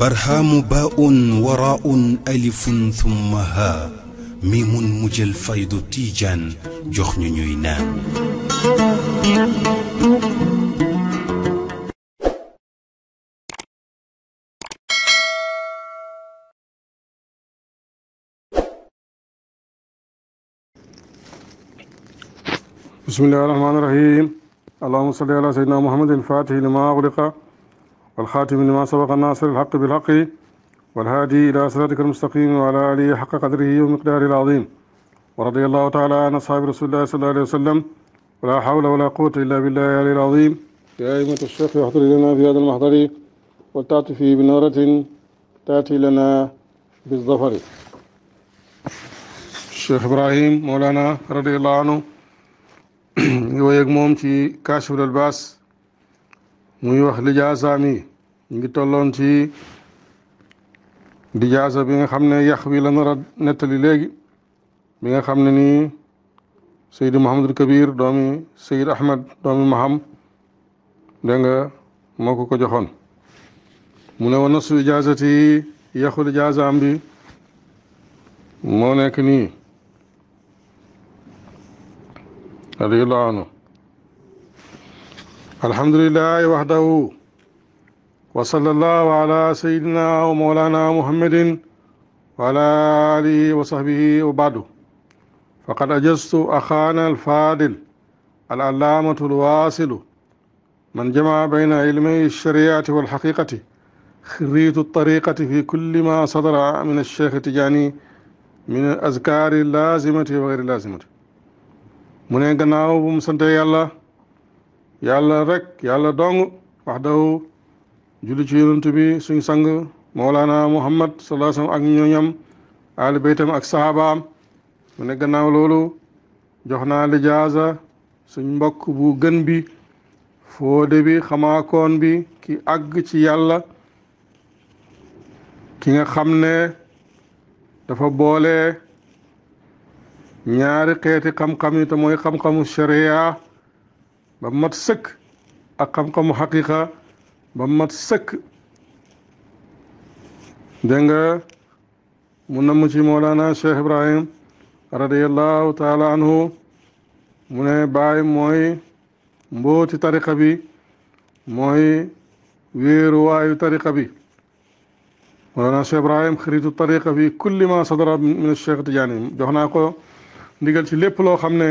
برهام باء وراء ألف ثم ها ميم مجل فيض تيجان جخن نينان بسم الله الرحمن الرحيم اللهم صل على سيدنا محمد الفاتح لما أغلق والخاتم لما سبق الناصر الحق بالحق والهادي إلى صراطك المستقيم وعلى آله حق قدره ومقداره العظيم ورضي الله تعالى عن أصحاب رسول الله صلى الله عليه وسلم ولا حول ولا قوة إلا بالله العلي العظيم يا أيمة الشيخ احضر لنا في هذا المحضر وتأتي فيه بنورة تأتي لنا بالظفر الشيخ إبراهيم مولانا رضي الله عنه ويقوم في كاشف الألباس muy wax lijaasaam mi ñu ngi tolloon ci lijaasa bi nga xam ne yax wi la nettali léegi bi nga xam ne nii Seydi Mouhamadul Kabir doomi Seyid Ahmed doomi Maham dégg nga moo ko ko joxoon mu ne wa nasu ijaasati yaxu lijaasaam bi moo nekk nii radiyallahu anhu الحمد لله وحده وصلى الله على سيدنا ومولانا محمد وعلى آله وصحبه وبعد فقد أجزت أخانا الفاضل العلامة الواصل من جمع بين علمي الشريعة والحقيقة خريط الطريقة في كل ما صدر من الشيخ تجاني من الأذكار اللازمة وغير اللازمة من غناو بمسنتي الله yàlla rekk yàlla dong wax daw julli ci bi suñ sang Mawlana Muhammad sallallahu alayhi wa ak ñooñam aali baytam ak sahabaam mu ne gannaaw loolu jox naa lijaasa suñ mbokk bu gën bi foode bi xamaakoon bi ki àgg ci yàlla ki nga xam ne dafa boole ñaari xeeti xam-xam yi mooy xam-xamu sharia ba mat sëkk ak xam-xamu xaqiqa ba mat sëkk dégg nga mu na ci Mawlana Cheikh Ibrahim radiallahu taala anhu mu ne baay mooy mbooti tariqa bi mooy wéeruwaayu tariqa bi Mawlana Cheikh Ibrahim xaritu tariqa bi sadara min Cheikh Tidiane jox naa ko ndigal ci lépp loo xam ne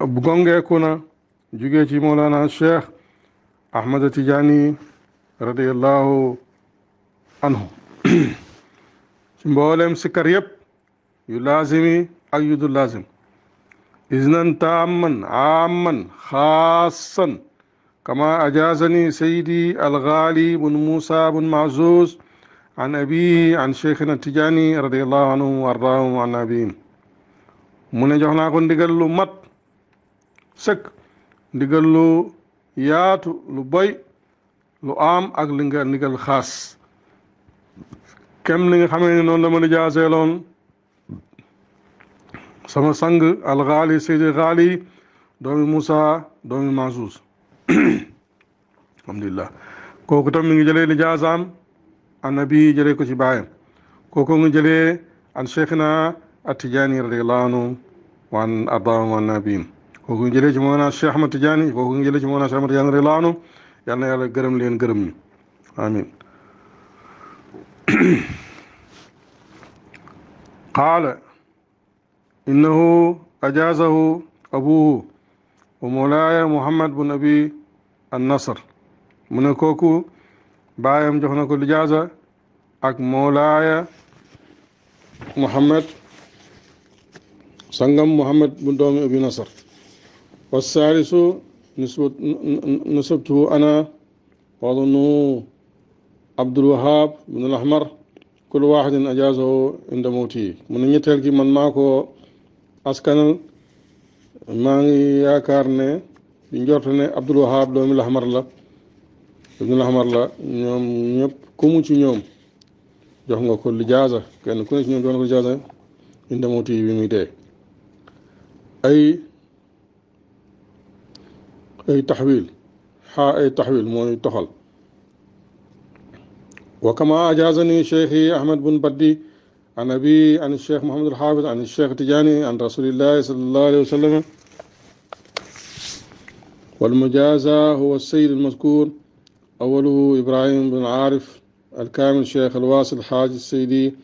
gongeeku na jugee ci Mawlana Cheikh Ahmad Tijaani radiallahu anhu ci mboolem sikkar yëpp yu laazimi ak yu du laazim iznan taamman aamman xaasan kama ajaazani sayidi algaali bun muusa bun maazuuz an abihi an cheikhina Tijaani radiallahu anhu wa ardaahum an abihim mu ne jox naa ko ndigal lu mat sëkk ndigal lu yaatu lu bay lu am ak li nga ndigal kem li nga xamee ne noonu la ma di jaaseeloon sama sang alxaali seydi xaali doomi Moussa doomi Mansour alhamdulilah kooku tam mi ngi jëlee li jaasaam annabi jëlee ko ci baayam kooku ngi jëlee an cheikhina atijaani radiallahu anhu wa an adaam kooku ñu jëlee ci Mawlana Cheikh Ahmad Tidiane kooku ñu jëlee ci Mawlana Cheikh Ahmad Tidiane radiyallaahu anhu yal na yàlla gërëm leen gërëm ñu amin qaala innahu ajaazahu abuhu wa mawlaaya Muhammad bun Abi an-Nasr mu ne kooku baayam jox na ko lijaaza ak mawlaaya Muhammad sangam Muhammad bu doomi Abi Nasr والثالث نسبته أنا وأظنه عبد الوهاب بن الأحمر كل واحد أجازه عند موتي من نيتال كي من ماكو أسكن maa ngi yaakaar ne di njort ne Abdul doomi Laxmar la doomi Laxmar la ñoom ñëpp ku mu ci ñoom jox nga ko li lijaaza kenn ku ne ci ñoom jox nga ko lijaaza ñu demoo bi muy dee اي تحويل ها اي تحويل مو toxal وكما أجازني شيخي أحمد بن بدي عن أبي عن الشيخ محمد الحافظ عن الشيخ تجاني عن رسول الله صلى الله عليه وسلم والمجازى هو السيد المذكور أوله إبراهيم بن عارف الكامل شيخ الواصل الحاج السيدي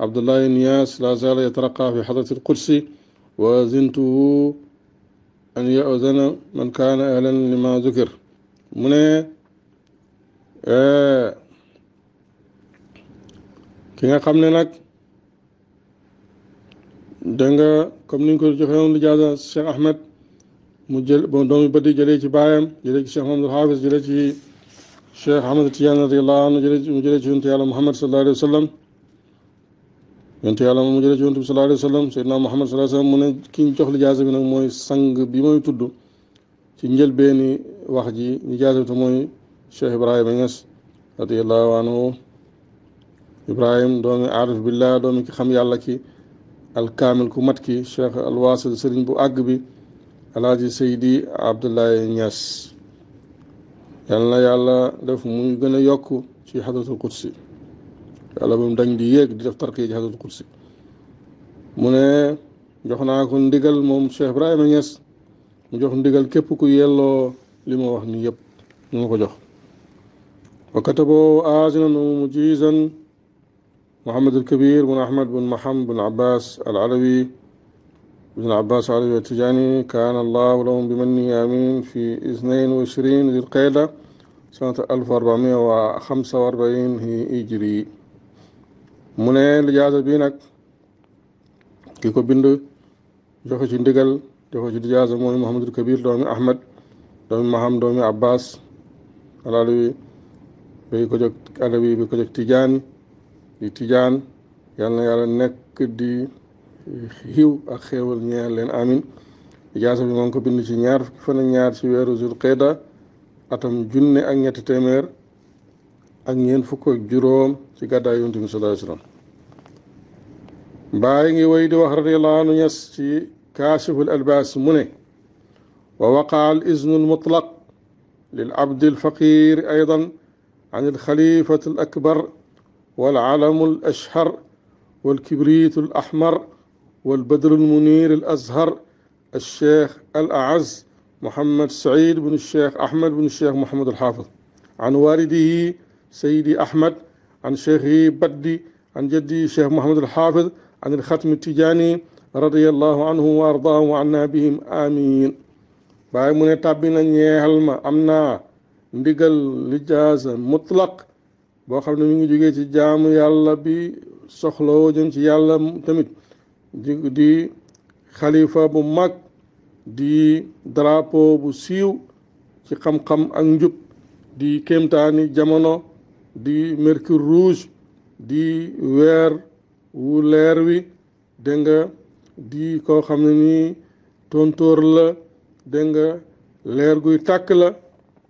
عبد الله النياس لا زال يترقى في حضرة القدس وزنته an ya'zana man kaana ahlan lima zukir mu ne ki nga xam ne nag danga comme niñ ko joxe woon lijaasa Cheikh Ahmed mu jël bon doomi badi jëlee ci baayam jëlee ci Cheikh Mahamadul Hafiz jëlee ci Cheikh Ahmed Tidiane radiyallahu anhu jëlee mu jëlee ci yonent yàlla Muhammad sallallahu alayhi wa sallam yontu yàlla moom mu jëlee ci yontu bi sallallahu alayhi mu jox lijaasa bi nag mooy sang bi mooy tudd ci njëlbeeni wax ji lijaasa bi mooy Cheikh Ibrahima Niass radiyallahu anhu Ibrahim doomi aarif billah doomi ki xam yàlla ki alkaamil ku mat ki Cheikh alwaasal sëriñ bu àgg bi alaaji Seydi Abdoulaye Niass yal yàlla def muy gën a yokk ci xadratul qudsi yàlla moom dañ di yéeg di def tarqiya jihaadatul qudsi mu ne jox naa ko ndigal moom Cheikh Ibrahima Niass mu jox ndigal képp ku yelloo li ma wax nii yëpp mu nga ko jox wa kataboo aajilan wa mujizan محمد الكبير بن أحمد بن محمد بن عباس العلوي بن عباس العلوي التجاني كان الله لهم بمنه آمين في 22 ذي القعدة سنة 1445 هجري mu ne lijaasa bii nag ki ko bind joxe ci ndigal joxe ci lijaasa mooy Muhammadul Kabir doomi Ahmad doomi Maham doomi Abbas alaluwi bi ko jóg Tijaan di Tijaan yàlla na yàlla nekk di xiiw ak xéewal ñeel leen amin lijaasa bi moo ko bind ci ñaar fan ak ñaar ci weeru Zulqeeda atam junne ak ñetti téeméer ak ñeent fukk ak juróom ci gàddaay yonte bi sallallahu alayhi wasallam bàyyi ngi way di wax radiallahu anhu ñes ci kaashifu l albaas mu ne wa waqaa al iznu al mutlaq lil abdi al faqir aydan عن الخليفة الأكبر والعلم الأشهر والكبريت الأحمر والبدر المنير الأزهر الشيخ الأعز محمد سعيد بن الشيخ أحمد بن الشيخ محمد الحافظ عن والده سيدي أحمد عن شيخه بدي عن جدي شيخ محمد الحافظ عن الختم التجاني رضي الله عنه وأرضاه وعنا بهم آمين باي من تابنا نيهل ما أمنا ndigal lijaasa mutlaq boo xam ne mi ngi jógee ci jaamu yàlla bi soxlawoo jëm ci yàlla tamit di xalifa bu mag di drapeau bu siiw ci xam-xam ak njub di kéemtaani jamono di mercure rouge di weer wu leer wi dégg nga di koo xam ne nii tontóor la dégg nga leer guy tàkk la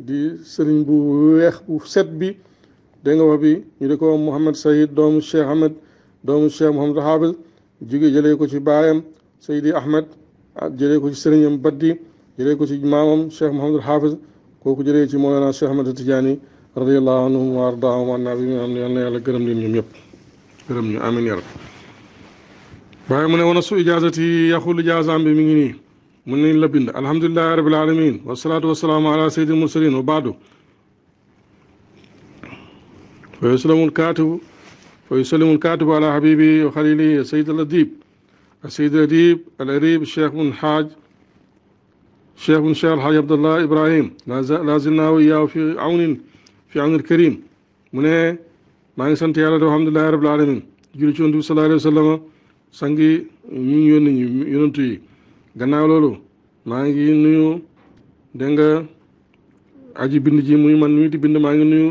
di sëriñ bu weex bu set bi dégg nga wax bi ñu di ko Mouhamed Sayid doomu Cheikh Ahmed doomu Cheikh Mouhamed Hafiz jóge jëlee ko ci baayam Sayidi Ahmed ah, jëlee ko ci sëriñam Baddi jëlee ko ci maamam Cheikh Mouhamed Hafiz kooku jëlee ci Mawlana Cheikh Ahmed Tidiane رضي الله عنهم وارضاهم عن نبينا محمد الله يلا كرم لي نيم يب كرم ني امين يا رب باي من ونس اجازتي يا خول اجازام بي ميغي ني من ني لبند الحمد لله رب العالمين والصلاه والسلام على سيد المرسلين وبعد فيسلم الكاتب فيسلم الكاتب على حبيبي وخليلي السيد الاديب السيد الاديب الاريب الشيخ من حاج شيخ من شيخ الحاج عبد الله ابراهيم لا زلنا وياه في عون fi amnul karim mu ne maa ngi sant yàlla doo alhamdulilahi rabbil alamin julli ci yonent bi sallallahu alayhi sangi ñu ñu yónni ñu gannaaw loolu maa ngi nuyu dégg nga aji bind ji muy man mii di bind maa ngi nuyu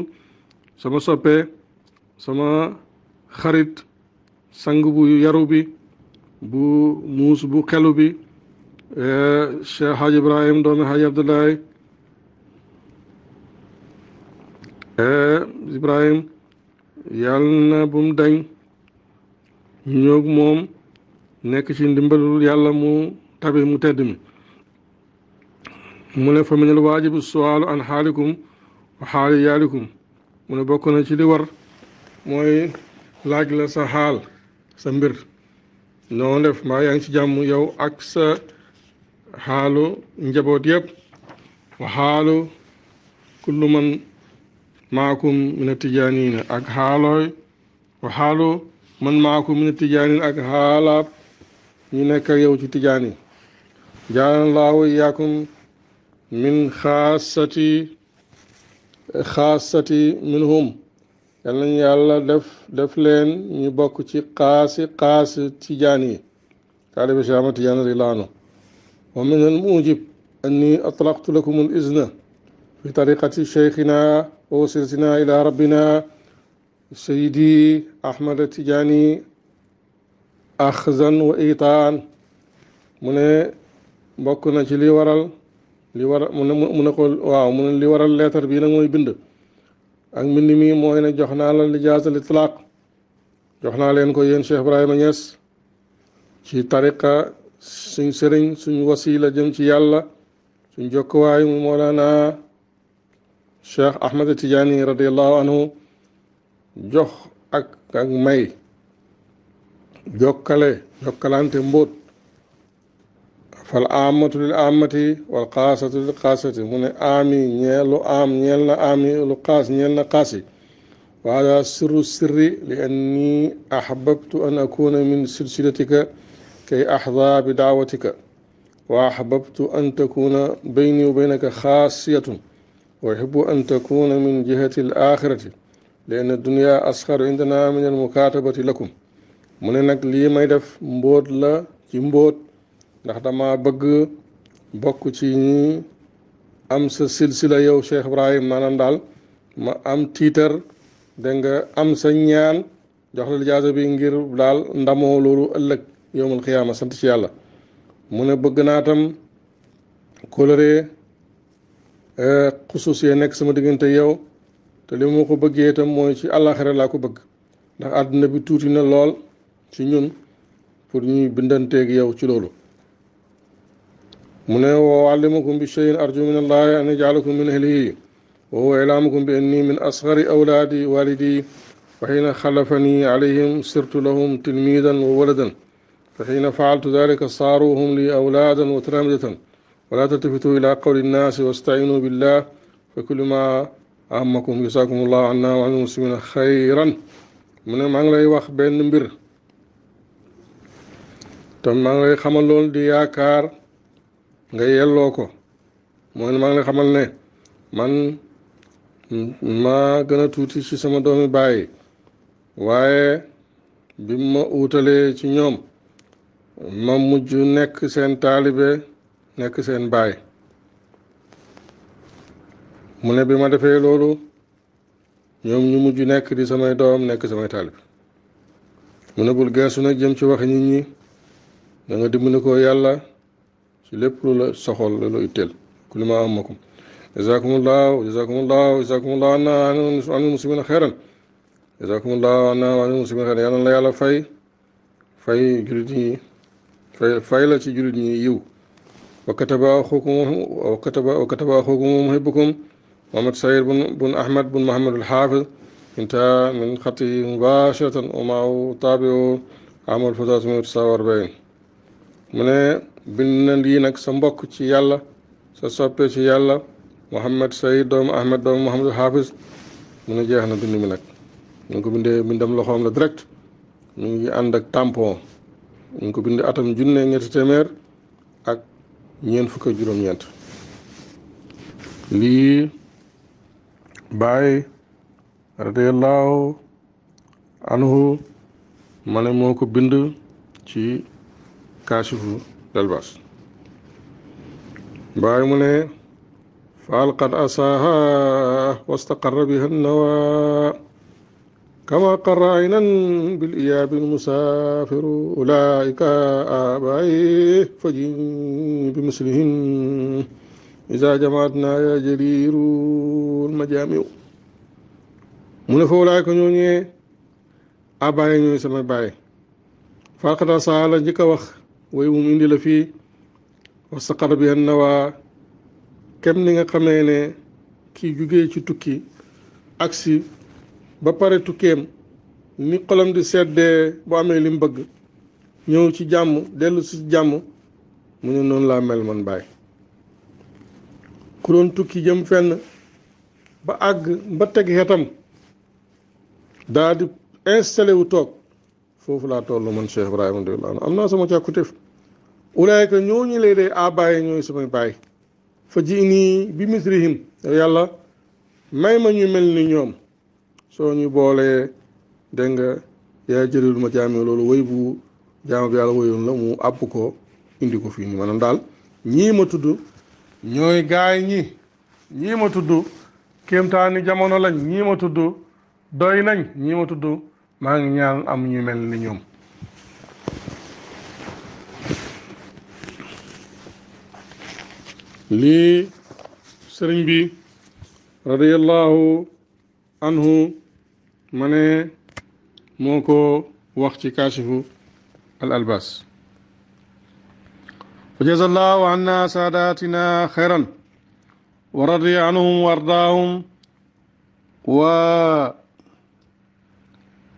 sama soppe sama xarit sang bu yaru bi bu muus bu xelu bi eh, Cheikh Hadj Ibrahim doomi Hadj Abdoulaye e ibrahim yalna bum dañ ñoog moom nekk ci ndimbalul yàlla mu tabi mu tedd mi mu ne fa mi ne waajibu suwaalu an xaalikum wa xaali yaalikum mu ne bokk na ci li war mooy laaj la sa xaal sa mbir noo def mbaa yaa ngi ci jàmm yow ak sa xaalu njaboot yëpp wa xaalu kullu man معكم من التجانين أكهالوي وحالو من معكم من التجانين أكهالاب ينكا يوج تجاني جعل الله إياكم من خاصتي خاصتي منهم يلن يالا دف دفلين نبوك تي قاسي قاسي تجاني كالي بشامة تجاني ريلانو ومن الموجب أني أطلقت لكم الإذن في طريقة شيخنا ووصلتنا إلى ربنا سيدي أحمد التجاني أخذا وإيطان من بكنا جلي ورال li war mu ne mu ne ko waaw mu ne li waral leetar bi nag mooy bind ak mbind mi mooy ne jox naa la lijaasa al jox naa leen ko yéen Cheikh Ibrahima Niass ci tariqa suñ sëriñ suñ wasiila jëm ci yàlla suñ jokkuwaay mu moolaana cheikh ahmad tijaani radiallahu anhu jox ak ak may jokkale jokkalante mbóot fal amatu lil amati wal xaasatu lil xaasati mu ne aami ñeel lu aam ñeel na aami lu xaas ñeel na xaas yi وهذا سر السر لأني أحببت أن أكون من سلسلتك كي أحظى بدعوتك وأحببت أن تكون بيني وبينك خاصية ويحب أن تكون من جهة الآخرة لأن الدنيا أصغر عندنا من المكاتبة لكم من نك لي ما يدف مبود لا كمبود نحن ما بغ بكو تيني أمس سلسلة يو شيخ إبراهيم مانندال ما أم تيتر دنگ أم سنيان جاخل الجازة بينجير بلال ندمو لورو ألك يوم القيامة سنتشي الله من بغناتم كولري xusuusiya nekk sama diggante yow te li ma ko bëggee itam mooy ci àllaaxira laa ko bëgg ndax àdduna bi tuuti na lool ci ñun pour ñuy bindanteeg yow ci loolu mu ne wa allimakum bi cheyin arju min allahi an yajalakum min ahlihi wa huwa ilamukum bi anni min asgari awlaadi walidi فحين خلفني عليهم صرت لهم تلميذا وولدا فحين فعلت ذلك صاروا هم لي أولادا وتلامذة wala taltafitu ila qawli nnaasi wastainu billah fa kullu ma amakum jazaakum anna wa anil muslimina xayran mu ne maa ngi lay wax benn mbir te maa ngi lay xamal loolu di yaakaar nga yelloo ko mooy ne maa lay xamal ne man maa gën a tuuti ci sama doomi bàyyi waaye bi ma uutalee ci ñoom ma mujj nekk seen taalibe nekk seen baay mu ne bi ma defee loolu ñoom ñu mujj nekk di samay doom nekk samay taalib mu ne bul geesu na jëm ci waxi nit ñi da nga dimbali ko yàlla ci lépp lu la soxal la itteel ku li ma am ma ko jazakumullahu jazakumullahu jazakumullahu anna anil muslimina xeeran jazakumullahu anna anil muslimina xeeran yàlla la yàlla fay fay jullit ñi fay la ci jullit ñi yiw وكتب أخوكم وكتب وكتب أخوكم محبكم محمد سعيد بن بن أحمد بن محمد الحافظ انتهى من خطه مباشرة ومعه تابعه عام 1949 من بن لينك سمبوك شي يلا سسوبي شي يلا محمد سعيد دوم أحمد دوم محمد الحافظ من جهنا بن منك نكو بند من دم لخوام لدركت نجي عندك تامبو نكو بند أتم جنة نجي تتمر أك ñeent fukk ak juróom-ñeent lii Baay radiyallahu anhu ma ne moo ko bind ci kaasifu delbas Baay mu ne faal qad asaaha wastaqarra biha nawa كما قر عينا بالإياب المسافر أولئك آبائي فجن بمثلهم إذا جمعتنا يا جرير المجامع mu ne fa walaay ko ñoo ñëwee abaaye ñooy sama bàyyi faqata saa la njëkk a wax way mu indi la fii wax sa xar bi yan na waa kem ni nga xamee ne jugee ci tukki aksi ba pare tukkeem ni xolam di seddee boo amee li mu bëgg ñëw ci jàmm dellusi si jàmm mu ne noonu laa mel man bàyyi ku doon tukki jëm fenn ba àgg ba teg xetam daa di wu toog foofu laa toll man Cheikh Ibrahima radiyallaahu anhu am naa sama càkkutéef ulaayka ñooñu lay dee a ah, bàyyi ñooy samay bàyyi fa ji nii bi misrihim yàlla may ma ñu mel ni ñoom soo ñu boolee dégg nga yaa jëlul ma jaamee loolu woy bu jaam bi yàlla woyoon la mu àbb ko indi ko fii nii maanaam daal ñii ma tudd ñooy gaay ñi ñii ma tudd kéemtaani jamono lañ ñii ma tudd doy nañ ñii ma tudd maa ngi ñaan am ñu mel ni ñoom lii sëriñ bi radiyallahu anhu mané موكو وقتي ci الالباس وجزا الله عنا ساداتنا خيرا ورضي عنهم وارضاهم و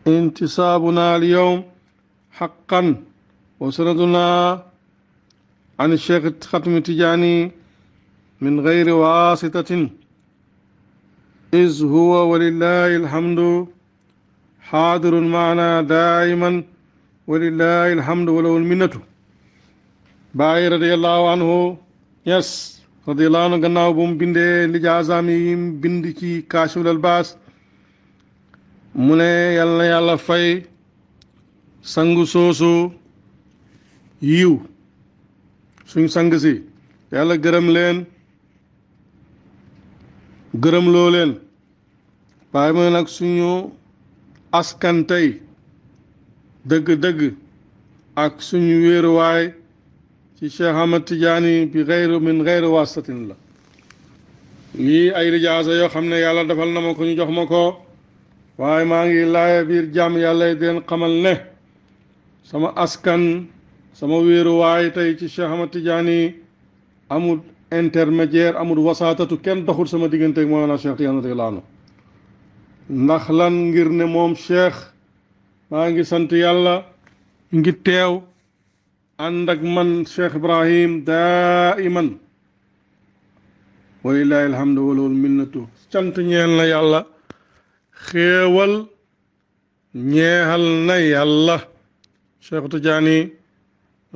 انتصابنا اليوم حقا وسندنا عن الشيخ خاتم التجاني من غير واسطة إذ هو ولله الحمد xaadirun maana daiman walillahi alhamdu walawul minnatu bàyyi radiallahu anhu ñes radiallahu anhu gannaaw bu bindee lijaasaam yi mu bind ci kaashiful albaas mu ne yàlla na yàlla fay sangu yiw suñ sang si yàlla gërëm leen mu ne nag suñu askan tey dëgg-dëgg ak suñu wéeruwaay ci Cheikh Ahmad Tidiane bi xayru min xayru wasatin la lii ay rijaasa yoo xam ne yàlla defal na ma ko ñu jox ma ko waaye maa ngi laaya biir jàmm yàlla di leen xamal ne sama askan sama wéeruwaay tey ci Cheikh Ahmad Tidiane amul intermédiaire amul wasaatatu kenn doxul sama digganteeg Mawlana Cheikh Tidiane radiyallaahu anhu ndax lan ngir ne moom cheikh maa ngi sant yàlla ngi teew ànd man cheikh ibrahim daiman walilahi alhamdu walawul minnatu cant ñeel na yàlla xéewal ñeexal na yàlla cheikh tidiane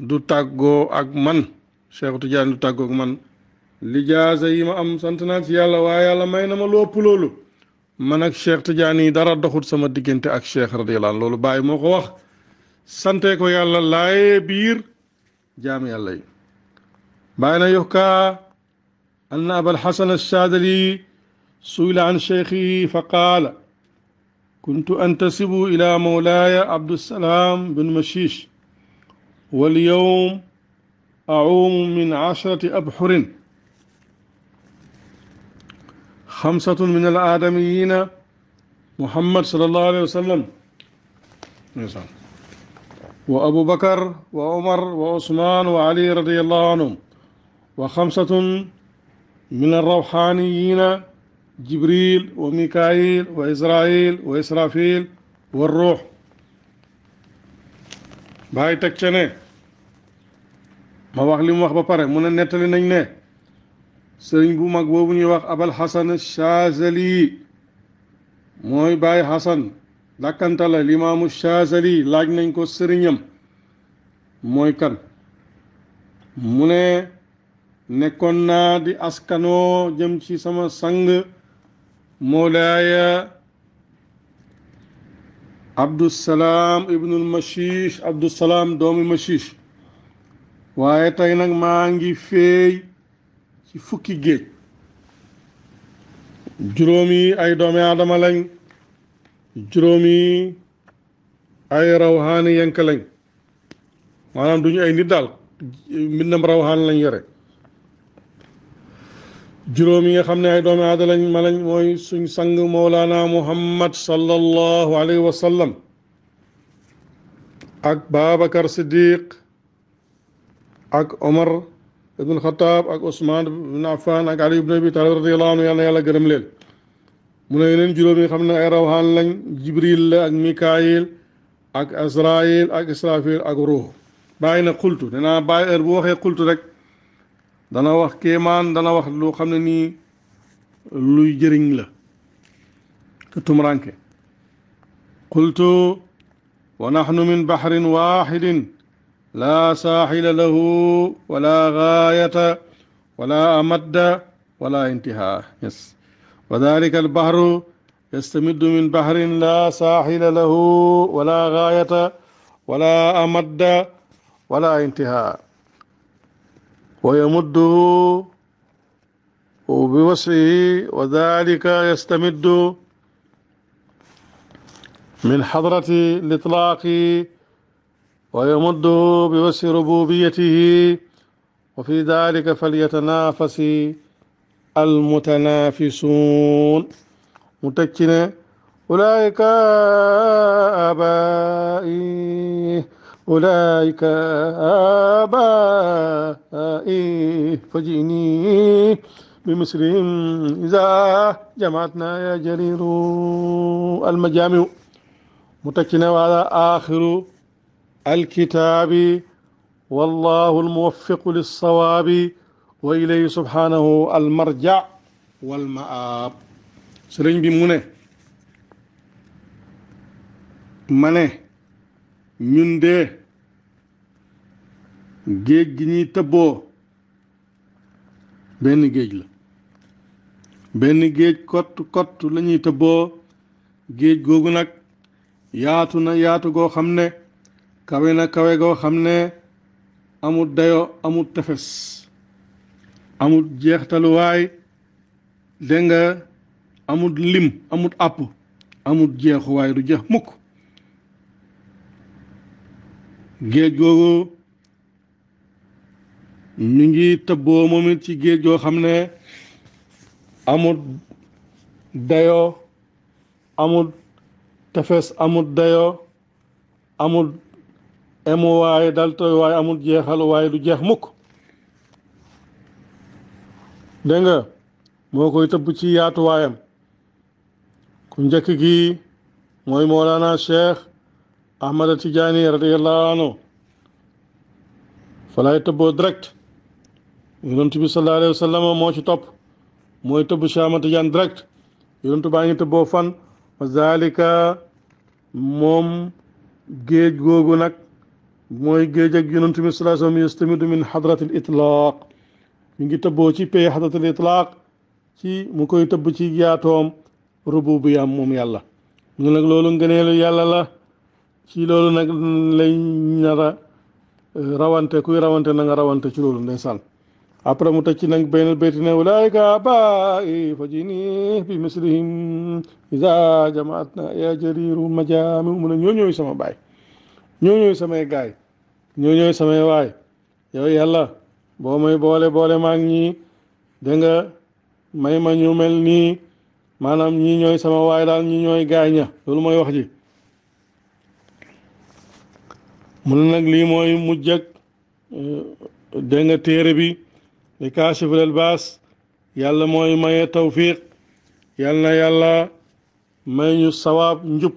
du tàggoo ak man cheikh tidiane du tàggoo ak man lijaasa yi ma am sant naa ci yàlla waaye yàlla may na ma lopp loolu man ak Cheikh Tidiane yi dara doxut sama diggante ak Cheikh radiyallahu anhu loolu bàyyi moo ko wax sante ko yàlla laayee biir jaam yàlla yi bàyyi na yuxkaa anna abal xasan alsaadali suila an cheikhihi fa qaala كنت أنتسب إلى مولاي عبد السلام بن مشيش واليوم أعوم من عشرة أبحر خمسة من الآدميين محمد صلى الله عليه وسلم وأبو بكر وعمر وعثمان وعلي رضي الله عنهم وخمسة من الروحانيين جبريل وميكائيل وإسرائيل وإسرافيل والروح باي تك ما واخلي مخبا wax li mu wax sëriñ bu mag boobu ñuy wax abal xasan chazali mooy baay xasan dàkkanta la limaamu chazali laaj nañ ko sëriñam mooy kan mu ne nekkoon naa di askanoo jëm ci sama sang moolaaya abdusalaam ibnul mashish abdusalaam doomi mashish waaye tey nag maa ngi feey ci fukki géej juróom yi ay doomi aadama lañ juróom yi ay rawxaani yenk lañ maanaam duñu ay nit daal mbindam rawxaan lañ yore juróom yi nga xam ne ay doomi aadama ma lañ mooy suñ sang Mawlana Muhammad sallallahu alayhi wa ak Babacar Siddiq ak Omar ابن الخطاب اك عثمان بن عفان اك علي بن ابي طالب رضي الله عنه يالا يالا گرم لين من لين جيروبي خمنا اي روحان لين جبريل لا اك ميكائيل اك ازرائيل اك اسرافيل اك روح باينا قلت انا باير بو وخه قلت رك دنا وخ كيمان دنا وخ لو خمنا ني لوي جيرين لا تتم رانك قلت ونحن من بحر واحد لا ساحل له ولا غاية ولا أمد ولا انتهاء yes. وذلك البحر يستمد من بحر لا ساحل له ولا غاية ولا أمد ولا انتهاء ويمده بوسعه وذلك يستمد من حضرة الإطلاق ويمد بوسع ربوبيته وفي ذلك فليتنافس المتنافسون متكنا أولئك آبائي أولئك آبائي فجئني بمصرهم إذا جمعتنا يا جرير المجامع متكنا وهذا آخر الكتاب والله الموفق للصواب وإليه سبحانه المرجع والمآب sëriñ bi mu ne ma ne ñun de géej gi ñuy tëbboo benn géej la benn géej kott kott la ñuy tëbboo géej googu nag yaatu na yaatu goo xam ne kawe na kawe goo xam ne amut dayo amut tefes amut jeextaluwaay dégg nga amut lim amut àpp amut jeexuwaay du jeex mukk géej googu ñu ngi tëbboo moom it ci géej goo xam ne amut dayoo amul tefes amul dayoo amul emu waaye dal tooy waaye amul jeexalu waaye du jeex mukk dégg nga moo koy tëbb ci yaatuwaayam ku njëkk gi mooy moolaana cheikh ahmada tijaani radiallahu anhu fa laay tëbboo direct yonent bi sallallahu alayhi wa moo ci topp mooy tëbb cheikh ahmada tijaan direct yonent baa ngi tëbboo fan fa zalika moom géej googu nag mooy géej ak yonantu bi sallallahu alayhi wa sallam yastamidu min xadratil itlaaq mi ngi tëbboo ci pay xadratil itlaaq ci mu koy tëbb ci yaatoom rububiyaam moom yàlla ñu nag loolu ngëneelu yàlla la ci loolu nag lay nara euh, rawante kuy rawante na nga rawante ci loolu ndeysaan après mu tëj ci nag benn bayti ne ulaayika abaa'i fajini bi mislihim isa jamaatna ya jariru majaami mu ne ñoo ñooy sama baay ñoo ñooy samay gaay ñoo ñooy samay waay yow yàlla boo may boole boole maag ñii da nga may ma ñu mel nii maanaam ñi ñooy sama waay daal ñii ñooy gaaña loolu mooy wax ji mu ne nag lii mooy mujj ak dégg téere bi li kaashiful baas yàlla mooy maye tawfiq yàlla na yàlla may ñu sawaab njub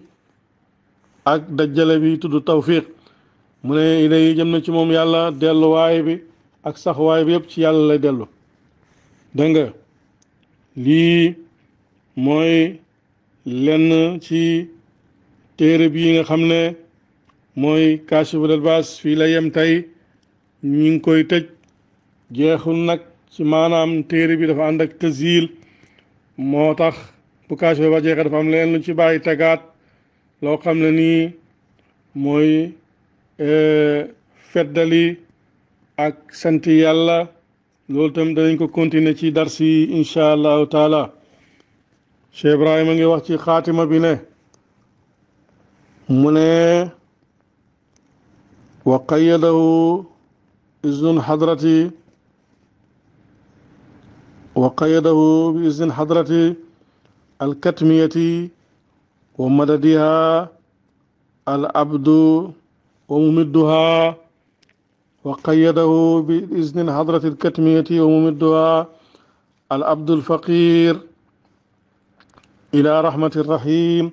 ak dajjale bi tudd tawfiq mu ne ilay jëm na ci moom yàlla delluwaay bi ak saxwaay bi yëpp ci yàlla lay dellu dégg nga lii mooy lenn ci téere bii nga xam ne mooy kaashiful albaas fii la yem tey ñu ngi koy tëj jeexul nag ci maanaam téere bi dafa ànd ak tësiil moo tax bu kaashiful albaas jeexee dafa am lenn lu ci bàyyi tegaat loo xam ne nii mooy feddali ak sant yàlla loolu itam danañ ko continuer ci darsi yi incha allahu taala Cheikh Ibrahima ngi wax ci xaatima bi ne mu ne wa qayadahu iznun hadrati wa qayadahu bi iznin hadrati alkatmiyati wa madadiha al abdu وممدها وقيده بإذن حضرة الكتمية وممدها العبد الفقير إلى رحمة الرحيم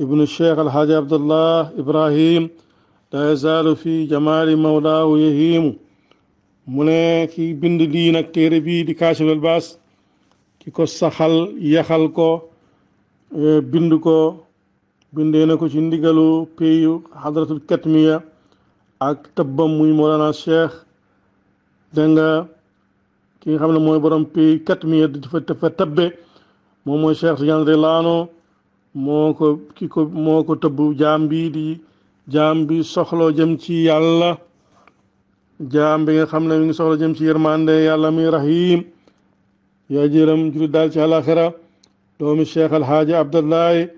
ابن الشيخ الحاج عبد الله إبراهيم لا يزال في جمال مولاه يهيم mu ne ki bind lii الباس كي كو سخل Kaashiful Ilbaas ki bindee na ko ci ndigalu peyu xadratul katmiya ak tëbbam muy Mawlana Cheikh dégg nga ki nga xam ne mooy borom peyu katmiya dafa dafa tabbe moom mooy Cheikh Tidiane Laano moo ko ki ko moo ko tëbb jaam bi di jaam bi soxloo jëm ci yàlla jaam bi nga xam ne mi ngi soxla jëm ci yërmande yàlla mi rahim yaa jëram juri daal ci àlaxira doomi Cheikh Alhaaji Abdallahi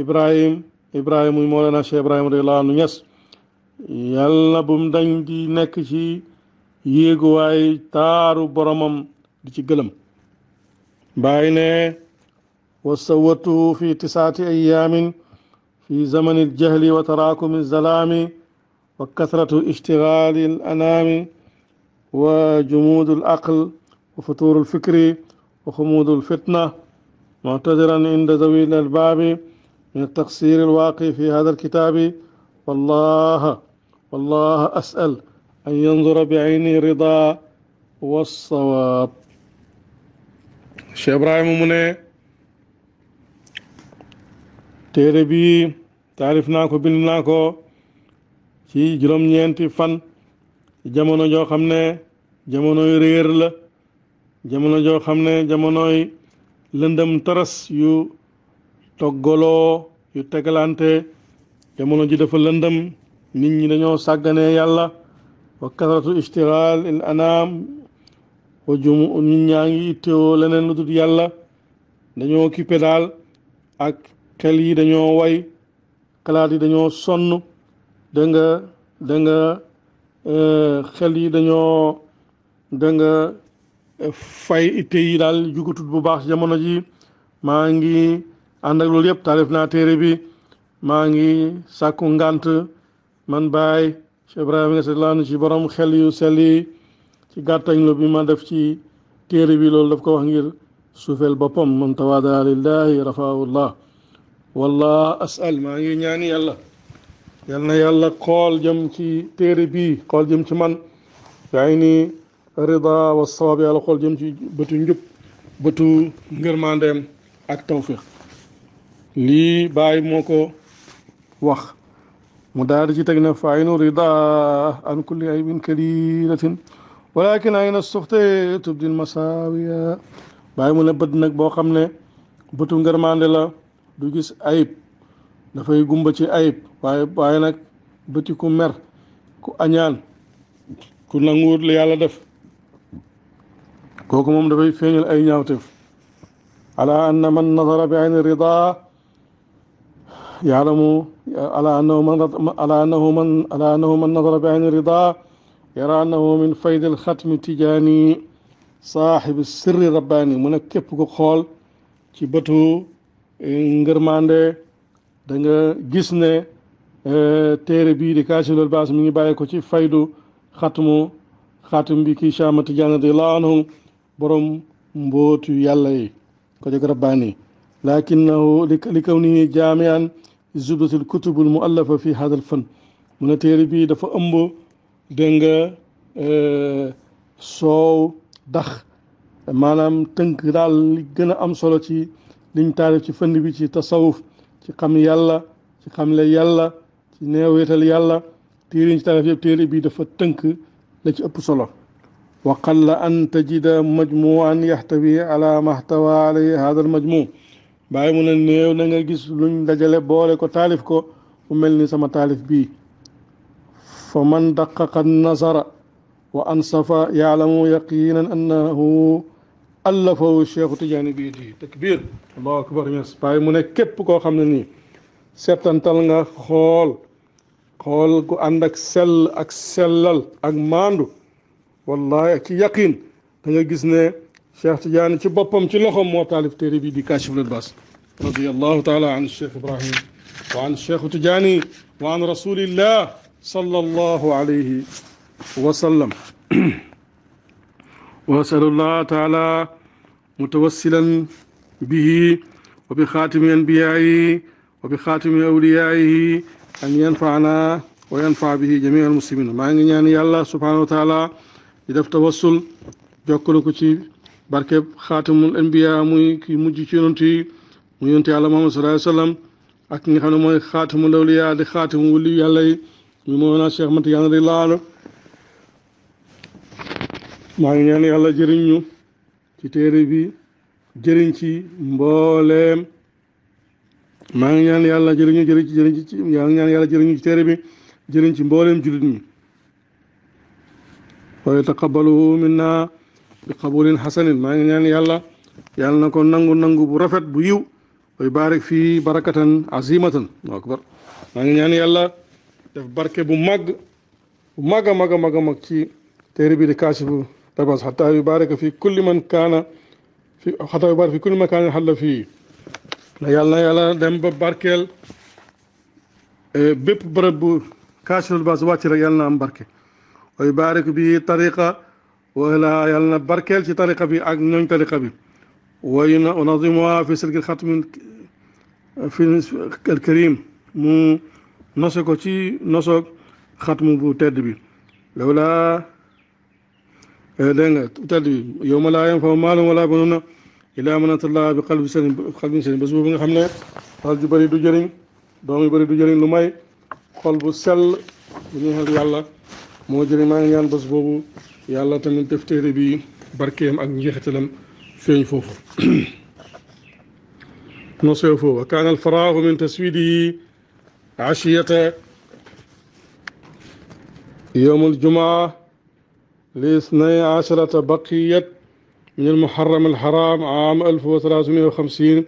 Ibrahim Ibrahim muy Mawlana Cheikh Ibrahim radiyallahu anhu ñes yàlla bum dañ di nekk ci yéeguwaay taaru boromam di ci gëlëm bàyyi ne wasawatuhu fi tisaati ayaamin في زمن الجهل وتراكم الظلام وكثرة اشتغال الأنام وجمود العقل وفتور الفكر وخمود الفتنة معتذرا عند ذوي الألباب من التقصير الواقع في هذا الكتاب والله والله أسأل أن ينظر بعيني الرضا والصواب شيخ إبراهيم مني تيربي تعرف ناكو بن ناكو شي جرم نينتي فن جمونو جو خمنا جمونو يرير جمونو جو خمنا جمونو لندم ترس يو toggaloo yu tegalante jamono ji dafa lëndëm nit ñi dañoo sàgganee yàlla wa kasratu il anaam wa jumu nit ñaa ngi ittewoo leneen lu dul yàlla dañoo kippe daal ak xel yi dañoo way kalaat yi dañoo sonn da nga da euh, xel yi dañoo da nga euh, fay itte daal jugatut bu baax jamono ji ànd ak loolu yëpp taalif téere bi maa ngi sàkku ngànt man baay Cheikh Ibrahima Niass radiyallaahu ci borom xel yu sell ci gàttañ lu bi ma def ci téere bi loolu daf ko wax ngir suufeel boppam man tawaadaa lillaahi rafaahullah wallah asal maa ngi ñaani yàlla yal na yàlla xool jëm ci téere bi xool jëm ci man yaay ni rida wa sawaab yàlla xool jëm ci bëtu njub bëtu ngërmandeem ak tawfiq lii bàyyi moo ko wax mu daal di ci teg na faayinu rida an kulli aybin kaliratin walakin ay na suxte mu ne bët nag boo xam ne bëtu ngërmande la du gis ayib dafay gumba ci ayib waaye waaye nag bëti ku mer ku añaan ku nanguwut la def kooku moom dafay feeñal ay ñaawteef ala anna man nazara bi ayni rida يعلم على أنه من على أنه من على أنه من نظر بعين رضاه يرى أنه من فيض الختم تجاني صاحب السر ci bëtu eh, ngërmande da nga gis ne eh, téere bii di Kaashiful Ilbaas mi ngi bàyyi ko ci faydu xatmu xatim bi kii Cheikh Ahmad Tijaan radiyallaahu borom mbootu yàlla ko jóg rabbaani lakinahu li kaw زبدة الكتب المؤلفة في هذا الفن من تيربي دفا أمبو دنجا آه، سو دخ مانام تنك دال لغن أم لن تعرف فن بي تصوف تي يالا تي قم يالا تي نيو تيرين تعرف يب تيربي دفا تنك لكي أب وقل أن تجد مجموعا يحتوي على محتوى عليه هذا المجموع bàyyi mu ne néew na nga gis luñ dajale boole ko taalif ko mu mel ni sama taalif bii fa man daqaqa nasara wa ansafa yaalamu yaqinan annahu allafahu cheikhu tijaani bii di takbir allahu akbar ñes bàyyi mu ne képp koo xam ne nii settantal nga xool xool gu ànd ak sell ak sellal ak mandu wallahi ak ci yaqin da nga gis ne شيخ تجاني تي بوبم تي لوخوم مو طالب تيري دي كاشف للباس رضي الله تعالى عن الشيخ ابراهيم وعن الشيخ تجاني وعن رسول الله صلى الله عليه وسلم واسال الله تعالى متوسلا به وبخاتم انبيائه وبخاتم اوليائه ان ينفعنا وينفع به جميع المسلمين ما نيان يالله سبحانه وتعالى يدف توسل جوكلو كو barkeb xaatamul anbiya muy ki mujj ci yonent mu yonent yàlla Muhammad sallallahu alayhi wa sallam ak ki nga xam ne mooy xaatamul awliya di xaatamu wali yàlla yi ñu moo naa Cheikh Yàlla di laal maa ngi ñaan yàlla jëriñ ñu ci téere bi jëriñ ci mbooleem maa ngi ñaan jëriñu jëriñ ci jëriñ ci yàlla jëriñu ci téere bi jëriñ ci mbooleem jullit ñi wa yataqabbaluhu minna bi qabulin hasanin maa ngi ñaan yàlla yàlla na ko nangu nangu bu rafet bu yiw way baarik fii barakatan azimatan akbar maa ngi ñaan yàlla def barke bu màgg bu màgg a màgg a màgg a mag ci téere bi di kaasifu rabas xataa yu baarika fi kulli man kaana fi xataa yu baarika fi kulli man kaana xalla fii la yàlla na yàlla dem ba barkeel bépp bërëb bu kaasifu rabas wàcc rek yàlla na am barke way baarik bi tariqa wala yàlla na barkeel ci tariqa bi ak ñooñ tariqa bi way na unazimoa fi silkil xatmin fi al karim mu nose ko ci nosoog xatmu bu tedd bi loolu laa dégg nga tedd bi yow ma laa yem fa maalum wala banuuna illaa man atallah bi qalbin saliim qalbin saliim bés boobu nga xam ne xol ju bëri du jëriñ doom yu bëri du jëriñ lu may xol bu sell bu ñuy xel yàlla مودري ما نيان بس بوبو يلا تمن تفتري بي بركيم اك نيختلم فين فوف نصيفو وكان الفراغ من تسويده عشية يوم الجمعة لاثني عشرة بقية من المحرم الحرام عام 1350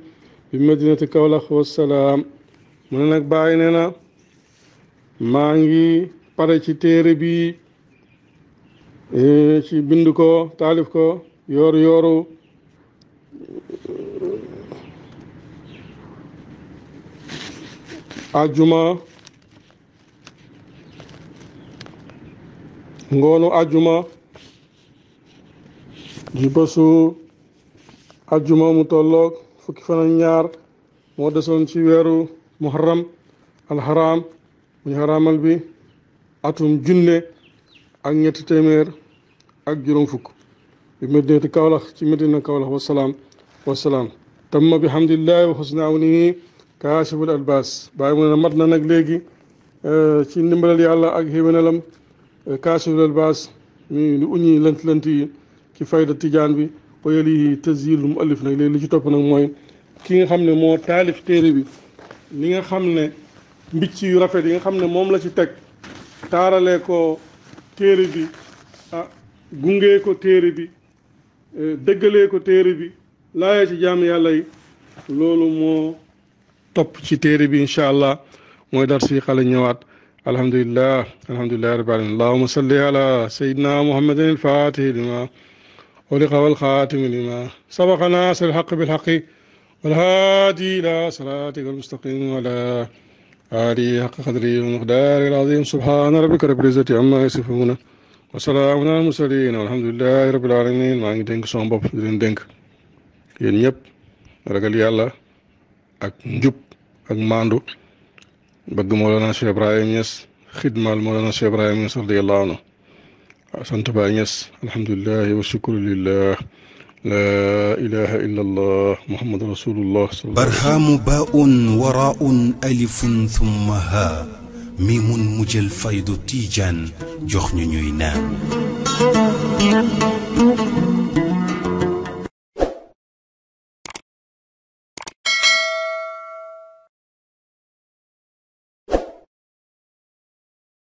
في مدينة كولخ والسلام من باينينا ماغي pare ci téere bi eh, ci bind ko taalif ko yooru yooru eh, ajuma ngoonu ajuma ji bësu ajuma mu tolloog fukki fan ñaar moo desoon ci weeru muharram alxaram muñ xaramal bi atum junne ak ñetti témèr ak juróom fukk bi ci kawlax ci medina kawlax wa salam tamma bi hamdulillahi wa husna awnihi kaashiful albaas bàyyi mu ne mat na nag léegi ci ndimbalal yàlla ak xéwénalam kaashiful albas mi lu uñi lënt lënt yi ci fayda tidiane bi wayalihi tazil lu mu alif nag li ci top nak moy ki nga xamne mo talif téré bi li nga xamne ne mbicc yu rafet yi nga xamne mom la ci tek taaralee ko téere bi ah gungee ko téere bi e, dëggalee ko téere bi laaya ci jaam yàlla yi loolu moo topp ci téere bi incha allah mooy dar si xale ñëwaat alhamdulillah alhamdulillahi rabbil alamin allahumma salli ala sayyidina muhammadin al-fatih lima ughliqa wal khatim lima sabaqa nasir al-haqq bil haqq wal hadi ila siratika al-mustaqim wala هذه حق قدري المقدار العظيم سبحان ربك رب العزة عما يصفون وسلام على المرسلين والحمد لله رب العالمين ما عندي دنك سوام باب دين دنك يين يب رجال يلا أك نجوب أك ماندو بعد مولانا شيخ إبراهيم يس خدمة مولانا شيخ إبراهيم يس رضي الله عنه سنتبع يس الحمد لله والشكر لله لا إله إلا الله محمد رسول الله صلى الله عليه وسلم برهام باء وراء ألف ثم ها ميم مجل فيض تيجان جخن نام